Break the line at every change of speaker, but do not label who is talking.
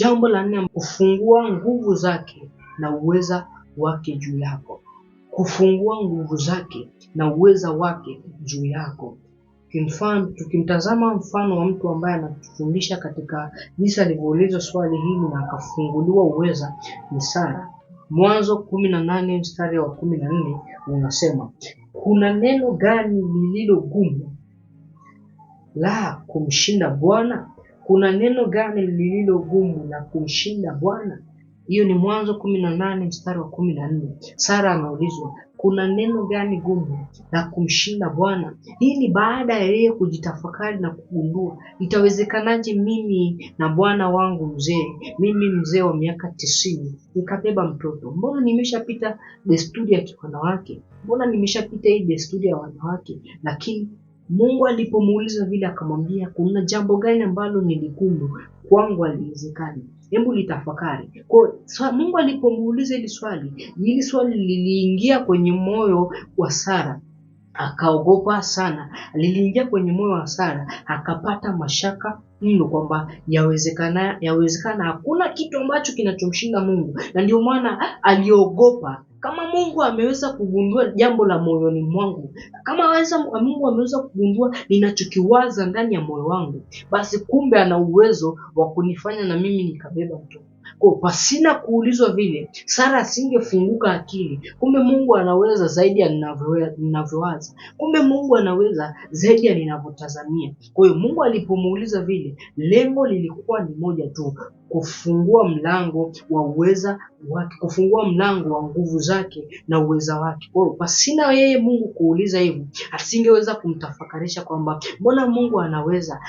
Jambo la nne, kufungua nguvu zake na uweza wake juu yako. Kufungua nguvu zake na uweza wake juu yako. Kimfano, tukimtazama mfano wa mtu ambaye anatufundisha katika jinsi alivyoulizwa swali hili na akafunguliwa uweza ni Sara. Mwanzo kumi na nane mstari wa kumi na nne unasema, kuna neno gani lililo gumu la kumshinda Bwana? kuna neno gani lililo gumu la kumshinda Bwana? Hiyo ni Mwanzo kumi na nane mstari wa kumi na nne. Sara anaulizwa kuna neno gani gumu la kumshinda Bwana? Hii ni baada ya yeye kujitafakari na kugundua itawezekanaje mimi na bwana wangu mzee, mimi mzee wa miaka tisini nikabeba mtoto? Mbona nimeshapita desturi ya kiwanawake, mbona nimeshapita hii desturi ya wanawake, lakini Mungu alipomuuliza vile, akamwambia kuna jambo gani ambalo ni ligumu kwangu aliwezekani Hebu litafakari. Kwa so, Mungu alipomuuliza hili swali, hili swali liliingia kwenye moyo wa Sara akaogopa sana, liliingia kwenye moyo wa Sara akapata mashaka mno kwamba yawezekana, yawezekana hakuna kitu ambacho kinachomshinda Mungu, na ndio maana aliogopa kama Mungu ameweza kugundua jambo la moyoni mwangu, kama weza, Mungu ameweza kugundua ninachokiwaza ndani ya moyo wangu, basi kumbe ana uwezo wa kunifanya na mimi nikabeba mtoto. Kwa pasina kuulizwa vile, Sara asingefunguka akili. Kumbe Mungu anaweza zaidi ya ninavyowaza. Kumbe Mungu anaweza zaidi ya ninavyotazamia. Kwa hiyo Mungu alipomuuliza vile, lengo lilikuwa ni moja tu, kufungua mlango wa uweza wake, kufungua mlango wa nguvu zake na uweza wake. Kwa hiyo pasina yeye Mungu kuuliza hivyo, asingeweza kumtafakarisha kwamba mbona Mungu anaweza